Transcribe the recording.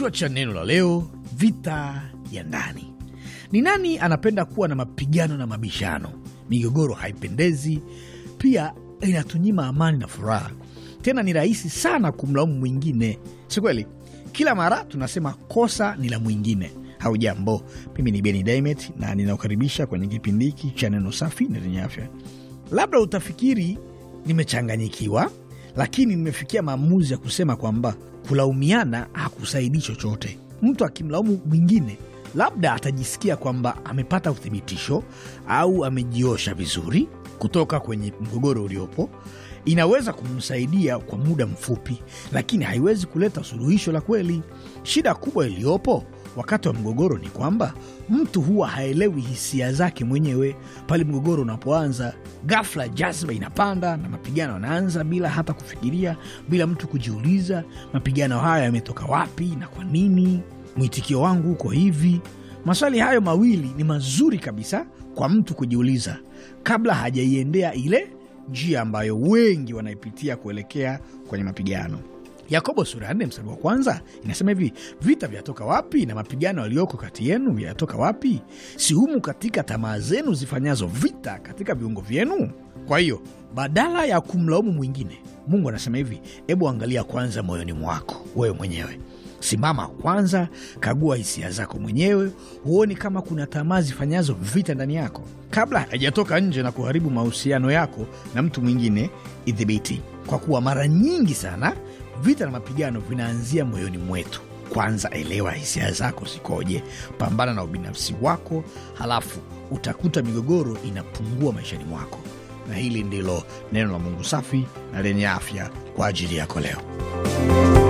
Kichwa cha neno la leo, vita ya ndani. Ni nani anapenda kuwa na mapigano na mabishano? Migogoro haipendezi, pia inatunyima amani na furaha. Tena ni rahisi sana kumlaumu mwingine, si kweli? Kila mara tunasema kosa ni la mwingine. Haujambo, mimi ni Beni Dimet na ninakukaribisha kwenye kipindi hiki cha neno safi na lenye afya. Labda utafikiri nimechanganyikiwa, lakini nimefikia maamuzi ya kusema kwamba kulaumiana hakusaidii chochote. Mtu akimlaumu mwingine, labda atajisikia kwamba amepata uthibitisho au amejiosha vizuri kutoka kwenye mgogoro uliopo. Inaweza kumsaidia kwa muda mfupi, lakini haiwezi kuleta suluhisho la kweli. Shida kubwa iliyopo wakati wa mgogoro ni kwamba mtu huwa haelewi hisia zake mwenyewe. Pale mgogoro unapoanza ghafla, jazba inapanda na mapigano yanaanza bila hata kufikiria, bila mtu kujiuliza mapigano hayo yametoka wapi na kwa nini, mwitikio wangu uko hivi. Maswali hayo mawili ni mazuri kabisa kwa mtu kujiuliza kabla hajaiendea ile njia ambayo wengi wanaipitia kuelekea kwenye mapigano. Yakobo sura ya 4 mstari wa kwanza inasema hivi: vita vyatoka wapi na mapigano yaliyoko kati yenu yatoka wapi? Si humu katika tamaa zenu zifanyazo vita katika viungo vyenu? Kwa hiyo badala ya kumlaumu mwingine, Mungu anasema hivi: hebu angalia kwanza moyoni mwako wewe mwenyewe. Simama kwanza, kagua hisia zako mwenyewe. Huoni kama kuna tamaa zifanyazo vita ndani yako? Kabla haijatoka nje na kuharibu mahusiano yako na mtu mwingine, idhibiti kwa kuwa mara nyingi sana vita na mapigano vinaanzia moyoni mwetu. Kwanza elewa hisia zako zikoje, pambana na ubinafsi wako, halafu utakuta migogoro inapungua maishani mwako. Na hili ndilo neno la Mungu safi na lenye afya kwa ajili yako leo.